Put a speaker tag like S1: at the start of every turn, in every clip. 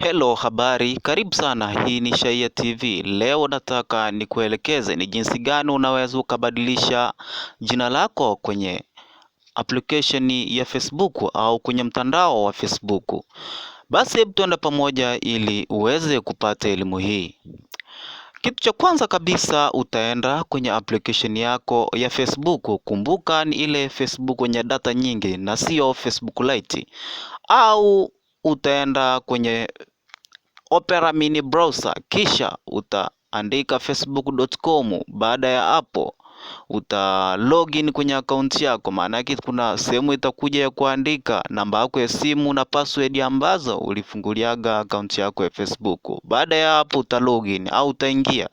S1: Hello habari, karibu sana. Hii ni Shayia TV. Leo nataka nikuelekeze ni jinsi gani unaweza ukabadilisha jina lako kwenye application ya Facebook au kwenye mtandao wa Facebook. Basi hebu tuende pamoja ili uweze kupata elimu hii. Kitu cha kwanza kabisa utaenda kwenye application yako ya Facebook. Kumbuka ni ile Facebook yenye data nyingi na siyo Facebook Lite. Au utaenda kwenye Opera mini browser kisha utaandika facebook.com baada ya hapo uta login kwenye akaunti yako maana yake kuna sehemu itakuja ya kuandika namba yako ya simu na password ambazo ulifunguliaga akaunti yako ya facebook baada ya hapo uta login au utaingia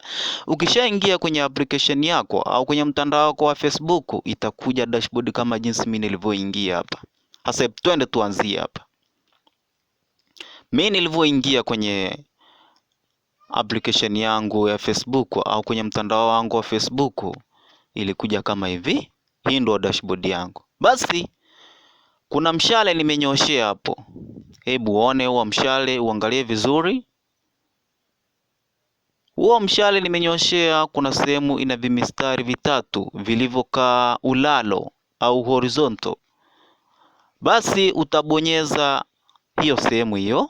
S1: ukishaingia kwenye application yako au kwenye mtandao wako wa facebook itakuja dashboard kama jinsi mimi nilivyoingia hapa hasa twende tuanzie hapa mi nilivyoingia kwenye application yangu ya Facebook au kwenye mtandao wangu wa Facebook ilikuja kama hivi. Hii ndio dashboard yangu. Basi kuna mshale nimenyoshea hapo, hebu uone huo mshale, uangalie vizuri huo mshale nimenyoshea. Kuna sehemu ina vimistari vitatu vilivyokaa ulalo au horizontal, basi utabonyeza hiyo sehemu hiyo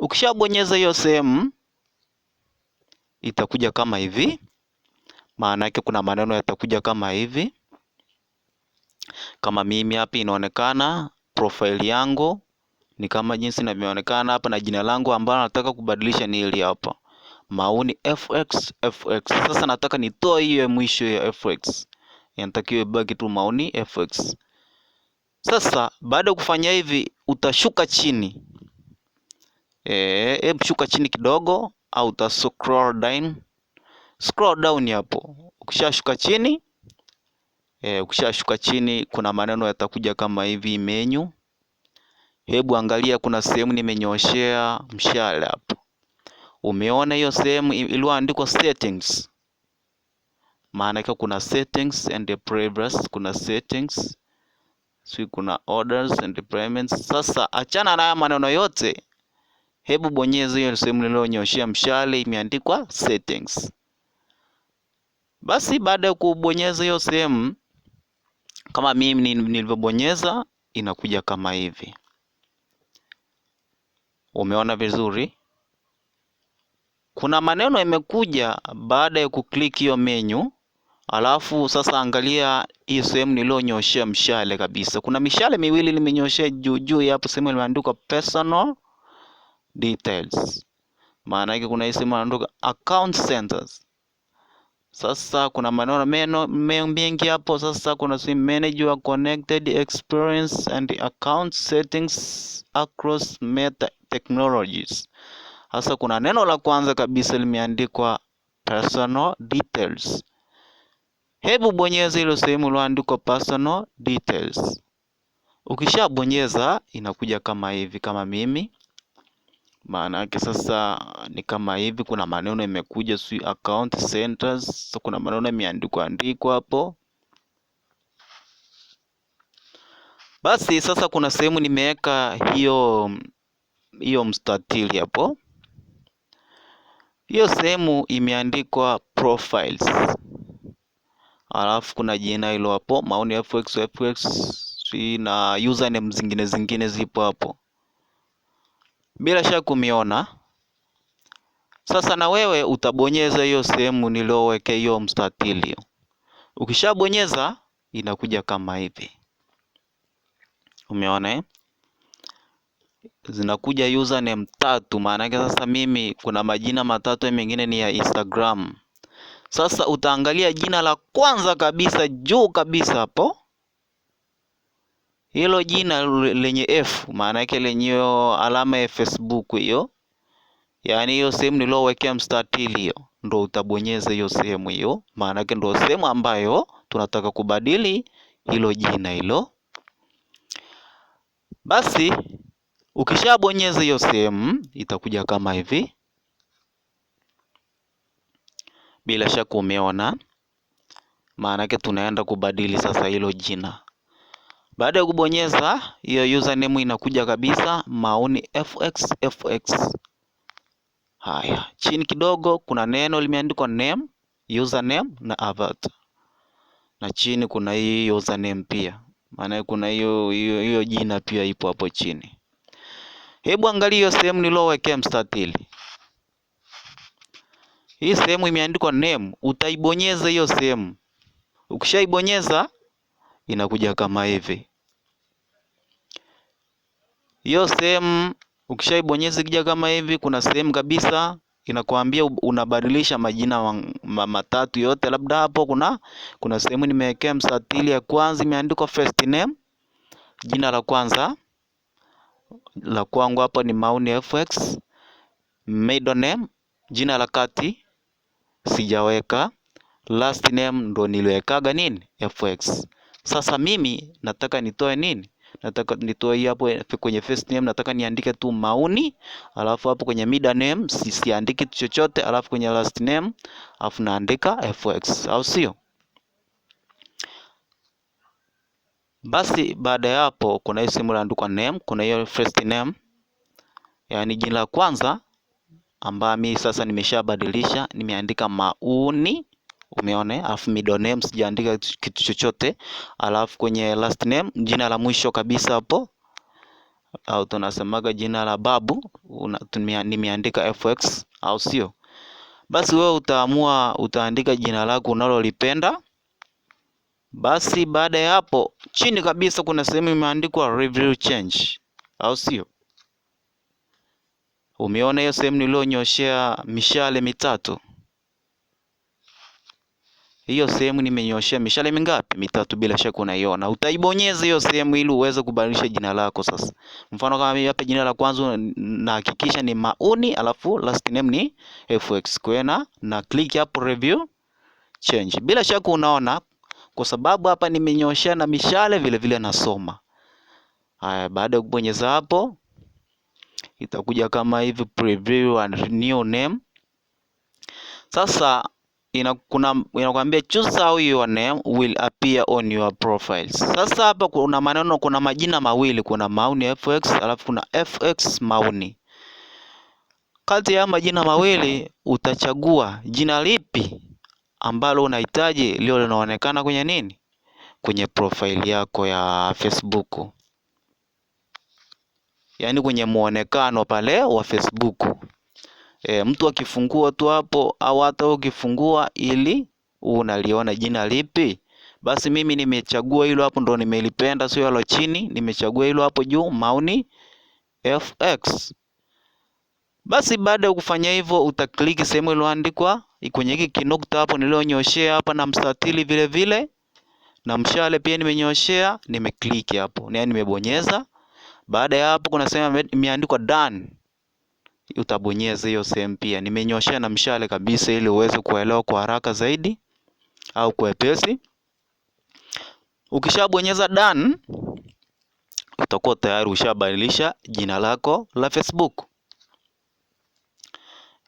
S1: Ukishabonyeza hiyo sehemu itakuja kama hivi, maana yake kuna maneno yatakuja kama hivi. Kama mimi hapa inaonekana profile yangu ni kama jinsi inavyoonekana hapa, na jina langu ambalo nataka kubadilisha ni hili hapa Mauni FX FX. Sasa nataka nitoe hiyo mwisho ya FX, inatakiwa ibaki tu Mauni FX. Sasa baada ya kufanya hivi, utashuka chini eh, shuka chini kidogo au ta scroll down. Scroll down hapo, ukishashuka chini e, ukishashuka chini kuna maneno yatakuja kama hivi menu. Hebu angalia, kuna sehemu nimenyoshea mshale hapo. Umeona hiyo sehemu iliyoandikwa settings, maana yake kuna settings and previous, kuna settings sio, kuna orders and payments. Sasa achana na haya maneno yote hebu bonyeza hiyo sehemu nilionyoshia mshale imeandikwa settings. Basi baada ya kubonyeza hiyo sehemu, kama mimi nilivyobonyeza, inakuja kama hivi. Umeona vizuri, kuna maneno yamekuja baada ya kuklik hiyo menu. Alafu sasa angalia hii sehemu nilionyoshea mshale kabisa. Kuna mishale miwili nimenyoshea juu juu hapo, sehemu imeandikwa personal details. Maana yake kuna hii sehemu account centers. Sasa kuna maneno meno mengi hapo. Sasa kuna si manager your connected experience and account settings across meta technologies. Sasa kuna neno la kwanza kabisa limeandikwa personal details. Hebu bonyeza ile sehemu iliyoandikwa personal details. Ukishabonyeza inakuja kama hivi, kama mimi maana yake sasa ni kama hivi, kuna maneno imekuja sui account centers. So kuna maneno imeandikwa andikwa hapo. Basi sasa kuna sehemu nimeweka hiyo hiyo mstatili hapo, hiyo sehemu imeandikwa profiles, alafu kuna jina hilo hapo, maoni fx fx na username zingine zingine zipo hapo bila shaka umeona. Sasa na wewe utabonyeza hiyo sehemu niliyoweka hiyo mstatili. Ukishabonyeza inakuja kama hivi, umeona eh? Zinakuja username tatu, maana yake sasa mimi kuna majina matatu, mengine ni ya Instagram. Sasa utaangalia jina la kwanza kabisa juu kabisa hapo hilo jina lenye F maana yake lenye alama ya Facebook hiyo, yaani hiyo sehemu niliyowekea mstatili hiyo, ndo utabonyeza hiyo sehemu hiyo, maana yake ndo sehemu ambayo tunataka kubadili hilo jina hilo. Basi ukishabonyeza hiyo sehemu itakuja kama hivi, bila shaka umeona, maana yake tunaenda kubadili sasa hilo jina. Baada ya kubonyeza hiyo username inakuja kabisa maoni fx fx. Haya, chini kidogo kuna neno limeandikwa name, username na avatar, na chini kuna hii username pia, maana kuna hiyo hiyo jina pia ipo hapo chini. Hebu angalia hiyo sehemu nilowekea mstatili hii sehemu imeandikwa name, utaibonyeza hiyo sehemu. Ukishaibonyeza inakuja kama hivi hiyo sehemu ukishaibonyeza ikija kama hivi kuna sehemu kabisa inakwambia unabadilisha majina matatu yote labda hapo kuna kuna sehemu nimewekea msatili ya kwanza imeandikwa first name jina la kwanza la kwangu hapa ni mauni fx middle name jina la kati sijaweka last name ndo niliwekaga nini fx sasa mimi nataka nitoe nini nataka nitoe hapo eh, kwenye first name nataka niandike tu Mauni, alafu hapo kwenye middle name si siandiki chochote, alafu kwenye last name alafu naandika FX, au sio? Basi baada ya hapo, kuna hiyo simu inaandikwa name, kuna hiyo first name, yani jina la kwanza ambayo mimi sasa nimeshabadilisha, nimeandika Mauni umeone alafu middle name sijaandika kitu chochote, alafu kwenye last name jina la mwisho kabisa hapo au tunasemaga jina la babu nimeandika fx, au sio? Basi wewe utaamua utaandika jina lako unalolipenda. Basi baada ya hapo, chini kabisa kuna sehemu imeandikwa review change, au sio? Umeona hiyo sehemu nilionyoshea mishale mitatu hiyo sehemu nimenyoshea mishale mingapi? Mitatu, bila shaka unaiona. Utaibonyeza hiyo sehemu ili uweze kubadilisha jina lako. Sasa mfano kama mimi hapa, jina la kwanza nahakikisha ni Mauni, alafu last name ni FX. Kwa na click hapo review change, bila shaka unaona, kwa sababu hapa nimenyoshea na mishale vile vile nasoma. Haya, baada ya kubonyeza hapo itakuja kama hivi preview and new name. Sasa inakwambia choose how your name will appear on your profile. Sasa hapa kuna maneno, kuna majina mawili, kuna Mauni FX alafu kuna FX Mauni. Kati ya majina mawili utachagua jina lipi ambalo unahitaji lio linaonekana kwenye nini, kwenye profile yako ya Facebook, yaani kwenye muonekano pale wa Facebook e, mtu akifungua tu hapo au hata ukifungua ili unaliona jina lipi basi mimi nimechagua hilo hapo ndo nimelipenda sio hilo chini nimechagua hilo hapo juu mauni fx basi baada ya kufanya hivyo utakliki sehemu iliyoandikwa kwenye hiki kinukta hapo nilionyoshea hapa na mstatili vile vile na mshale pia nimenyoshea nimekliki hapo yani nimebonyeza baada ya hapo kuna sehemu imeandikwa done utabonyeza hiyo sehemu pia. Nimenyoshea na mshale kabisa ili uweze kuelewa kwa haraka zaidi au wepesi. Ukishabonyeza done, utakuwa tayari ushabadilisha jina lako la Facebook.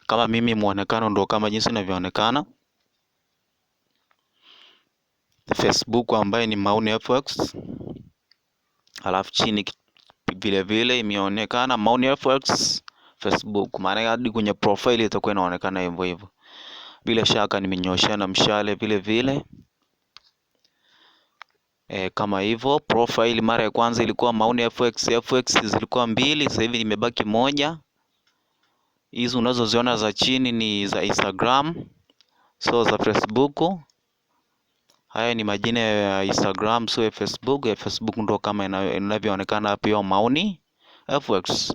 S1: Kama mimi mwonekano ndo kama jinsi inavyoonekana Facebook, ambaye ni Maun FX, alafu chini vilevile imeonekana Mauni FX Facebook, maana hadi kwenye profile itakuwa inaonekana hivyo hivyo. Bila shaka nimenyoshana mshale vile vile e, kama hivyo. Profile mara ya kwanza ilikuwa Mauni FX, FX zilikuwa mbili, sasa hivi nimebaki moja. Hizi unazoziona za chini ni za Instagram, so za Facebook Haya ni majina ya Instagram, sio Facebook. Ya Facebook ndo kama inavyoonekana hapo, hiyo Mauni FX.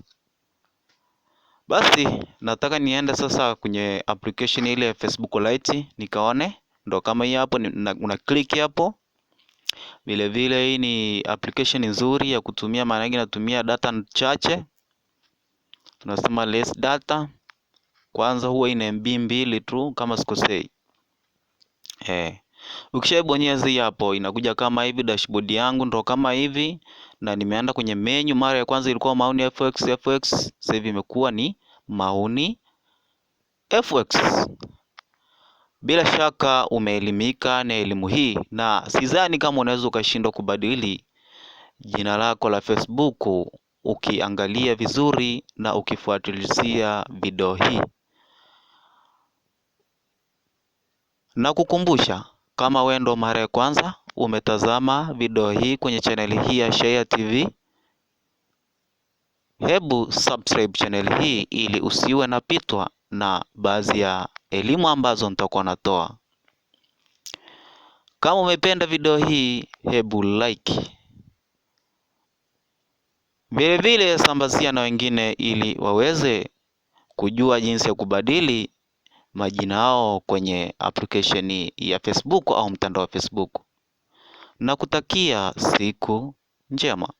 S1: Basi nataka niende sasa kwenye application ile Facebook Lite nikaone, ndo kama hii hapo una click hapo. Vile vile hii ni application nzuri ya kutumia, maana yake inatumia data chache, tunasema less data. Kwanza huwa ina MB mbili tu kama sikosei, eh. Ukishaibonyeza hii hapo inakuja kama hivi dashboard yangu ndo kama hivi na nimeenda kwenye menu mara ya kwanza ilikuwa mauni fx fx sasa hivi imekuwa ni mauni fx bila shaka umeelimika na elimu hii na sidhani kama unaweza ukashindwa kubadili jina lako la facebook ukiangalia vizuri na ukifuatilizia video hii na kukumbusha kama wewe ndo mara ya kwanza umetazama video hii kwenye chaneli hii ya Shayia TV, hebu subscribe chaneli hii ili usiwe napitwa na baadhi ya elimu ambazo nitakuwa natoa. Kama umependa video hii, hebu like, vilevile sambazia na wengine ili waweze kujua jinsi ya kubadili majina yao kwenye application ya Facebook au mtandao wa Facebook. Nakutakia siku njema.